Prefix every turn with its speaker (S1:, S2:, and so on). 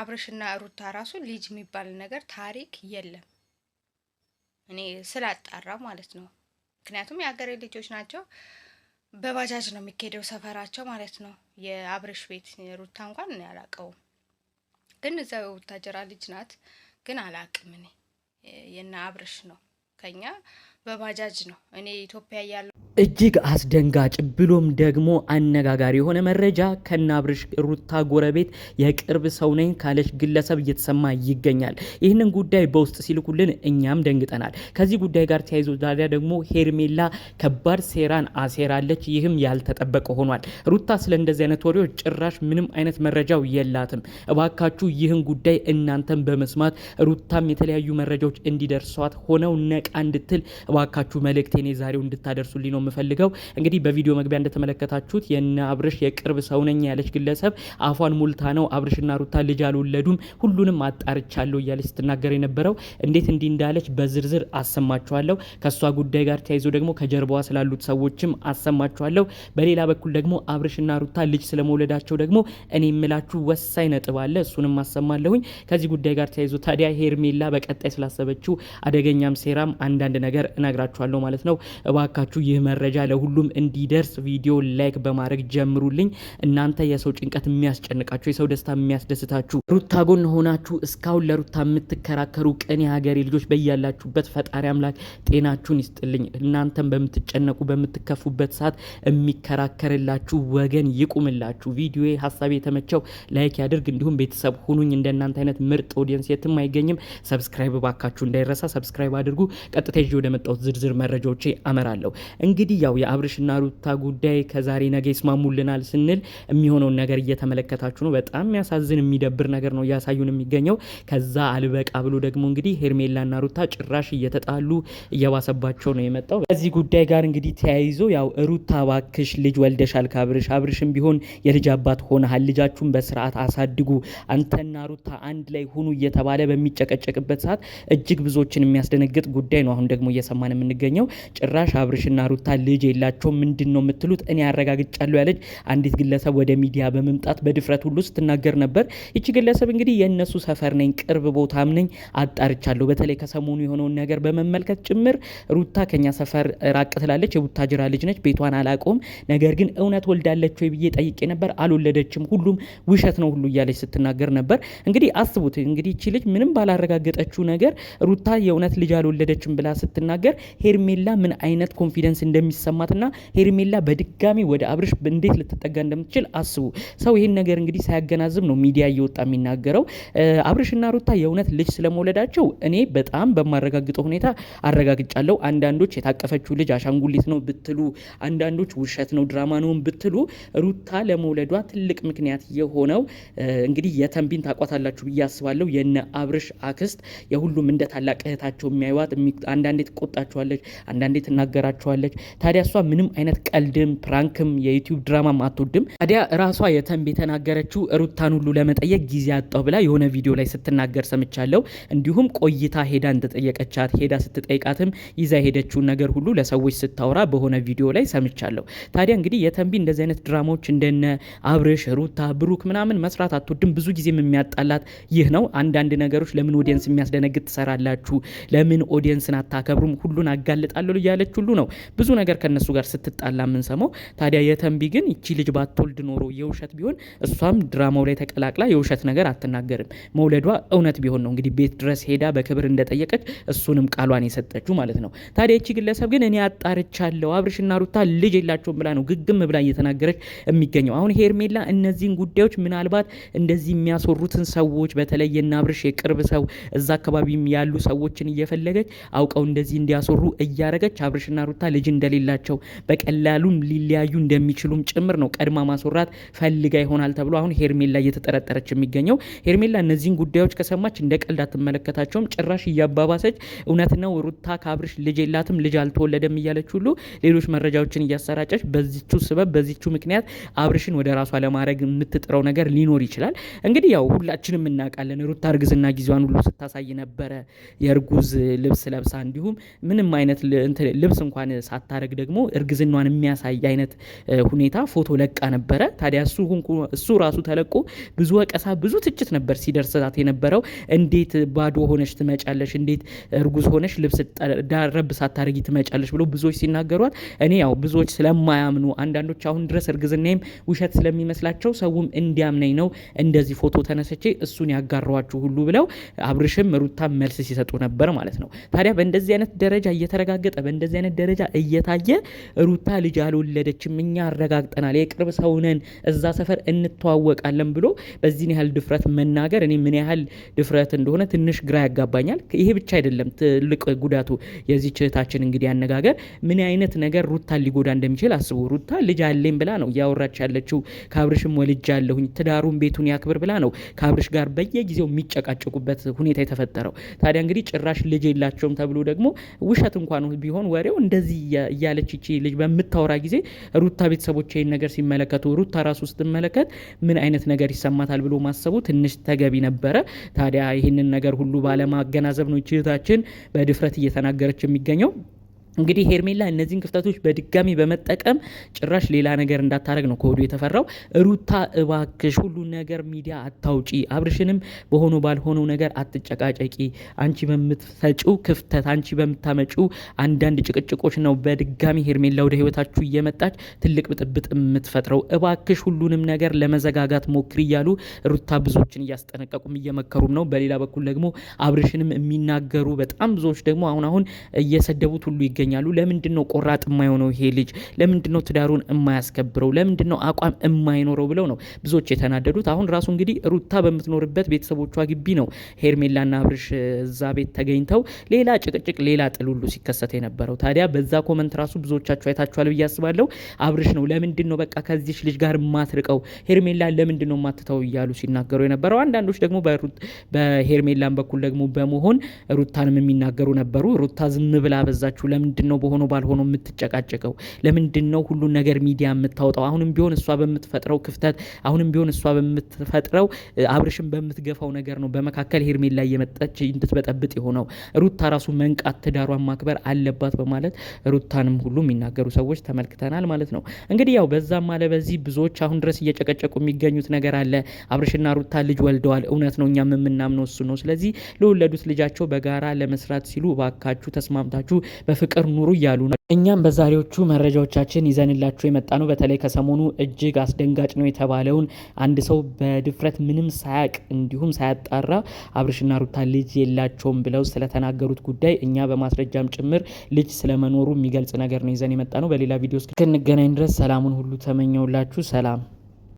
S1: አብርሽና ሩታ ራሱ ልጅ የሚባል ነገር ታሪክ የለም። እኔ ስላጣራ ማለት ነው። ምክንያቱም የሀገሬ ልጆች ናቸው። በባጃጅ ነው የሚካሄደው ሰፈራቸው ማለት ነው። የአብረሽ ቤት ሩታ እንኳን እኔ አላውቀውም፣ ግን እዛው ወታጀራ ልጅ ናት። ግን አላቅም እኔ የና አብርሽ ነው ከኛ በባጃጅ ነው እኔ ኢትዮጵያ ያለው
S2: እጅግ አስደንጋጭ ብሎም ደግሞ አነጋጋሪ የሆነ መረጃ ከናብርሽ ሩታ ጎረቤት የቅርብ ሰው ነኝ ካለች ግለሰብ እየተሰማ ይገኛል። ይህንን ጉዳይ በውስጥ ሲልኩልን እኛም ደንግጠናል። ከዚህ ጉዳይ ጋር ተያይዞ ዛሬ ደግሞ ሄርሜላ ከባድ ሴራን አሴራለች። ይህም ያልተጠበቀ ሆኗል። ሩታ ስለ እንደዚህ አይነት ወሬዎች ጭራሽ ምንም አይነት መረጃው የላትም። እባካችሁ ይህን ጉዳይ እናንተን በመስማት ሩታም የተለያዩ መረጃዎች እንዲደርሷት ሆነው ነቃ እንድትል እባካችሁ መልእክቴን የዛሬው እንድታደርሱልኝ ነው የምፈልገው። እንግዲህ በቪዲዮ መግቢያ እንደተመለከታችሁት የነ አብርሽ የቅርብ ነኝ ያለች ግለሰብ አፏን ሙልታ ነው አብርሽና ሩታ ልጅ አልወለዱም ሁሉንም አጣርቻለሁ እያለች ስትናገር የነበረው እንዴት እንዲህ እንዳለች በዝርዝር አሰማችኋለሁ። ከእሷ ጉዳይ ጋር ተያይዞ ደግሞ ከጀርባዋ ስላሉት ሰዎችም አሰማችኋለሁ። በሌላ በኩል ደግሞ አብርሽና ሩታ ልጅ ስለመውለዳቸው ደግሞ እኔ የምላችሁ ወሳኝ ነጥብ አለ፣ እሱንም አሰማለሁኝ። ከዚህ ጉዳይ ጋር ተያይዞ ታዲያ ሄርሜላ በቀጣይ ስላሰበችው አደገኛም ሴራም አንዳንድ ነገር እነግራችኋለሁ ማለት ነው። እባካችሁ ይህ መረጃ ለሁሉም እንዲደርስ ቪዲዮ ላይክ በማድረግ ጀምሩልኝ። እናንተ የሰው ጭንቀት የሚያስጨንቃችሁ፣ የሰው ደስታ የሚያስደስታችሁ፣ ሩታ ጎን ሆናችሁ እስካሁን ለሩታ የምትከራከሩ ቅን የሀገሬ ልጆች በያላችሁበት ፈጣሪ አምላክ ጤናችሁን ይስጥልኝ። እናንተም በምትጨነቁ በምትከፉበት ሰዓት የሚከራከርላችሁ ወገን ይቁምላችሁ። ቪዲዮ ሀሳብ የተመቸው ላይክ ያድርግ፣ እንዲሁም ቤተሰብ ሁኑኝ። እንደእናንተ አይነት ምርጥ ኦዲየንስ የትም አይገኝም። ሰብስክራይብ ባካችሁ እንዳይረሳ፣ ሰብስክራይብ አድርጉ። ቀጥታ ይዤ ወደ ወዳስቀመጥኩት ዝርዝር መረጃዎቼ አመራለሁ። እንግዲህ ያው የአብርሽና ሩታ ጉዳይ ከዛሬ ነገ ይስማሙልናል ስንል የሚሆነውን ነገር እየተመለከታችሁ ነው። በጣም የሚያሳዝን የሚደብር ነገር ነው እያሳዩን የሚገኘው። ከዛ አልበቃ ብሎ ደግሞ እንግዲህ ሄርሜላና ሩታ ጭራሽ እየተጣሉ እየባሰባቸው ነው የመጣው። በዚህ ጉዳይ ጋር እንግዲህ ተያይዞ ያው ሩታ ባክሽ ልጅ ወልደሻል ከአብርሽ አብርሽም ቢሆን የልጅ አባት ሆነሃል፣ ልጃችሁን በስርዓት አሳድጉ፣ አንተና ሩታ አንድ ላይ ሁኑ እየተባለ በሚጨቀጨቅበት ሰዓት እጅግ ብዙዎችን የሚያስደነግጥ ጉዳይ ነው አሁን ደግሞ እየሰማ እየሰማን የምንገኘው ጭራሽ አብርሽና ሩታ ልጅ የላቸው ምንድን ነው የምትሉት? እኔ አረጋግጫለሁ ያለች አንዲት ግለሰብ ወደ ሚዲያ በመምጣት በድፍረት ሁሉ ስትናገር ነበር። ይቺ ግለሰብ እንግዲህ የእነሱ ሰፈር ነኝ፣ ቅርብ ቦታም ነኝ፣ አጣርቻለሁ። በተለይ ከሰሞኑ የሆነውን ነገር በመመልከት ጭምር ሩታ ከኛ ሰፈር ራቅ ትላለች፣ የቡታጅራ ልጅ ነች፣ ቤቷን አላቆም። ነገር ግን እውነት ወልዳለች ወይ ብዬ ጠይቄ ነበር፣ አልወለደችም፣ ሁሉም ውሸት ነው ሁሉ እያለች ስትናገር ነበር። እንግዲህ አስቡት እንግዲህ ይቺ ልጅ ምንም ባላረጋገጠችው ነገር ሩታ የእውነት ልጅ አልወለደችም ብላ ስትናገር ነገር ሄርሜላ ምን አይነት ኮንፊደንስ እንደሚሰማትና ሄርሜላ በድጋሚ ወደ አብርሽ እንዴት ልትጠጋ እንደምትችል አስቡ። ሰው ይህን ነገር እንግዲህ ሳያገናዝብ ነው ሚዲያ እየወጣ የሚናገረው። አብርሽና ሩታ የእውነት ልጅ ስለመውለዳቸው እኔ በጣም በማረጋግጠው ሁኔታ አረጋግጫለሁ። አንዳንዶች የታቀፈችው ልጅ አሻንጉሊት ነው ብትሉ፣ አንዳንዶች ውሸት ነው ድራማ ነውን ብትሉ ሩታ ለመውለዷ ትልቅ ምክንያት የሆነው እንግዲህ የተንቢን ታቋታላችሁ ብዬ አስባለሁ። የነ አብርሽ አክስት የሁሉም እንደ ታላቅ እህታቸው የሚያዩዋት አንዳንድ የተቆጣ ታስቀምጣችኋለች፣ አንዳንዴ ትናገራቸዋለች ታዲያ እሷ ምንም አይነት ቀልድም ፕራንክም የዩቲዩብ ድራማም አትወድም። ታዲያ ራሷ የተንብ የተናገረችው ሩታን ሁሉ ለመጠየቅ ጊዜ አጣው ብላ የሆነ ቪዲዮ ላይ ስትናገር ሰምቻለሁ። እንዲሁም ቆይታ ሄዳ እንደጠየቀቻት ሄዳ ስትጠይቃትም ይዛ የሄደችውን ነገር ሁሉ ለሰዎች ስታወራ በሆነ ቪዲዮ ላይ ሰምቻለሁ። ታዲያ እንግዲህ የተንቢ እንደዚህ አይነት ድራማዎች እንደነ አብርሽ፣ ሩታ፣ ብሩክ ምናምን መስራት አትወድም። ብዙ ጊዜም የሚያጣላት ይህ ነው። አንዳንድ ነገሮች ለምን ኦዲየንስ የሚያስደነግጥ ትሰራላችሁ? ለምን ኦዲየንስን አታከብሩም? ሁሉን አጋልጣለሁ እያለች ሁሉ ነው ብዙ ነገር ከነሱ ጋር ስትጣላ የምንሰማው። ታዲያ የተንቢ ግን ይቺ ልጅ ባትወልድ ኖሮ የውሸት ቢሆን እሷም ድራማው ላይ ተቀላቅላ የውሸት ነገር አትናገርም። መውለዷ እውነት ቢሆን ነው እንግዲህ ቤት ድረስ ሄዳ በክብር እንደጠየቀች እሱንም ቃሏን የሰጠችው ማለት ነው። ታዲያ ይቺ ግለሰብ ግን እኔ አጣርቻለሁ አብርሽና ሩታ ልጅ የላቸውም ብላ ነው ግግም ብላ እየተናገረች የሚገኘው። አሁን ሄርሜላ እነዚህን ጉዳዮች ምናልባት እንደዚህ የሚያስወሩትን ሰዎች በተለይ የናብርሽ የቅርብ ሰው እዛ አካባቢም ያሉ ሰዎችን እየፈለገች አውቀው እንደዚህ እንዲያስወሩ እያረገች አብርሽና ሩታ ልጅ እንደሌላቸው በቀላሉም ሊለያዩ እንደሚችሉም ጭምር ነው ቀድማ ማስወራት ፈልጋ ይሆናል ተብሎ አሁን ሄርሜላ እየተጠረጠረች የሚገኘው። ሄርሜላ እነዚህን ጉዳዮች ከሰማች እንደ ቀልድ አትመለከታቸውም። ጭራሽ እያባባሰች እውነት ነው ሩታ ከአብርሽ ልጅ የላትም ልጅ አልተወለደም እያለች ሁሉ ሌሎች መረጃዎችን እያሰራጨች በዚቹ ስበብ በዚቹ ምክንያት አብርሽን ወደ ራሷ ለማድረግ የምትጥረው ነገር ሊኖር ይችላል። እንግዲህ ያው ሁላችንም እናውቃለን ሩታ እርግዝና ጊዜዋን ሁሉ ስታሳይ ነበረ የእርጉዝ ልብስ ለብሳ እንዲሁም ምንም አይነት ልብስ እንኳን ሳታረግ ደግሞ እርግዝናዋን የሚያሳይ አይነት ሁኔታ ፎቶ ለቃ ነበረ። ታዲያ እሱ ራሱ ተለቆ ብዙ ወቀሳ፣ ብዙ ትችት ነበር ሲደርስላት የነበረው። እንዴት ባዶ ሆነች ትመጫለሽ? እንዴት እርጉዝ ሆነች ልብስ ዳረብ ሳታረጊ ትመጫለሽ? ብሎ ብዙዎች ሲናገሯት፣ እኔ ያው ብዙዎች ስለማያምኑ አንዳንዶች አሁን ድረስ እርግዝናዬም ውሸት ስለሚመስላቸው ሰውም እንዲያምነኝ ነው እንደዚህ ፎቶ ተነስቼ እሱን ያጋሯችሁ ሁሉ ብለው አብርሽም ሩታ መልስ ሲሰጡ ነበር ማለት ነው። ታዲያ በእንደዚህ አይነት ደረጃ እየተረጋገጠ በእንደዚህ አይነት ደረጃ እየታየ ሩታ ልጅ አልወለደችም፣ እኛ አረጋግጠናል፣ የቅርብ ሰውነን፣ እዛ ሰፈር እንተዋወቃለን ብሎ በዚህን ያህል ድፍረት መናገር እኔ ምን ያህል ድፍረት እንደሆነ ትንሽ ግራ ያጋባኛል። ይሄ ብቻ አይደለም ትልቅ ጉዳቱ የዚህ ችህታችን እንግዲህ አነጋገር ምን አይነት ነገር ሩታ ሊጎዳ እንደሚችል አስቡ። ሩታ ልጅ አለኝ ብላ ነው እያወራች ያለችው። ካብርሽም ወልጃ አለሁኝ ትዳሩን ቤቱን ያክብር ብላ ነው ካብርሽ ጋር በየጊዜው የሚጨቃጨቁበት ሁኔታ የተፈጠረው። ታዲያ እንግዲህ ጭራሽ ልጅ የላቸውም ተብሎ ደግሞ ውሸት እንኳን ቢሆን ወሬው እንደዚህ እያለች ይቺ ልጅ በምታወራ ጊዜ ሩታ ቤተሰቦች ይህን ነገር ሲመለከቱ ሩታ ራሱ ስትመለከት ምን አይነት ነገር ይሰማታል ብሎ ማሰቡ ትንሽ ተገቢ ነበረ። ታዲያ ይህንን ነገር ሁሉ ባለማገናዘብ ነው እህታችን በድፍረት እየተናገረች የሚገኘው። እንግዲህ ሄርሜላ እነዚህን ክፍተቶች በድጋሚ በመጠቀም ጭራሽ ሌላ ነገር እንዳታረግ ነው ከወዲሁ የተፈራው። ሩታ እባክሽ ሁሉ ነገር ሚዲያ አታውጪ፣ አብርሽንም በሆኖ ባልሆነው ነገር አትጨቃጨቂ። አንቺ በምትፈጩ ክፍተት፣ አንቺ በምታመጩ አንዳንድ ጭቅጭቆች ነው በድጋሚ ሄርሜላ ወደ ህይወታችሁ እየመጣች ትልቅ ብጥብጥ የምትፈጥረው። እባክሽ ሁሉንም ነገር ለመዘጋጋት ሞክሪ እያሉ ሩታ ብዙዎችን እያስጠነቀቁም እየመከሩም ነው። በሌላ በኩል ደግሞ አብርሽንም የሚናገሩ በጣም ብዙዎች ደግሞ አሁን አሁን እየሰደቡት ሁሉ ይገ ይገኛሉ። ለምንድን ነው ቆራጥ የማይሆነው ይሄ ልጅ? ለምንድን ነው ትዳሩን የማያስከብረው? ለምንድን ነው አቋም የማይኖረው ብለው ነው ብዙዎች የተናደዱት። አሁን ራሱ እንግዲህ ሩታ በምትኖርበት ቤተሰቦቿ ግቢ ነው ሄርሜላና አብርሽ እዛ ቤት ተገኝተው ሌላ ጭቅጭቅ፣ ሌላ ጥሉሉ ሲከሰት የነበረው። ታዲያ በዛ ኮመንት ራሱ ብዙዎቻችሁ አይታችኋል ብዬ አስባለሁ። አብርሽ ነው ለምንድን ነው በቃ ከዚች ልጅ ጋር ማትርቀው ሄርሜላ ለምንድን ነው ማትተው እያሉ ሲናገሩ የነበረው። አንዳንዶች ደግሞ በሄርሜላን በኩል ደግሞ በመሆን ሩታንም የሚናገሩ ነበሩ። ሩታ ዝም ብላ በዛችሁ ለምን ለምንድን ነው በሆነው ባልሆነው የምትጨቃጨቀው? ለምንድን ነው ሁሉን ነገር ሚዲያ የምታወጣው? አሁንም ቢሆን እሷ በምትፈጥረው ክፍተት፣ አሁንም ቢሆን እሷ በምትፈጥረው አብርሽን በምትገፋው ነገር ነው በመካከል ሄርሜላ እየመጣች እንድትበጠብጥ የሆነው። ሩታ ራሱ መንቃት፣ ትዳሯን ማክበር አለባት በማለት ሩታንም ሁሉ የሚናገሩ ሰዎች ተመልክተናል ማለት ነው። እንግዲህ ያው በዛም አለ በዚህ ብዙዎች አሁን ድረስ እየጨቀጨቁ የሚገኙት ነገር አለ። አብርሽና ሩታ ልጅ ወልደዋል። እውነት ነው፣ እኛም የምናምነው እሱ ነው። ስለዚህ ለወለዱት ልጃቸው በጋራ ለመስራት ሲሉ እባካችሁ ተስማምታችሁ በፍቅር በፍቅር ኑሩ እያሉ ነው። እኛም በዛሬዎቹ መረጃዎቻችን ይዘንላችሁ የመጣ ነው በተለይ ከሰሞኑ እጅግ አስደንጋጭ ነው የተባለውን አንድ ሰው በድፍረት ምንም ሳያቅ እንዲሁም ሳያጣራ አብርሽና ሩታ ልጅ የላቸውም ብለው ስለተናገሩት ጉዳይ እኛ በማስረጃም ጭምር ልጅ ስለመኖሩ የሚገልጽ ነገር ነው ይዘን የመጣ ነው። በሌላ ቪዲዮ እስክንገናኝ ድረስ ሰላሙን ሁሉ ተመኘውላችሁ። ሰላም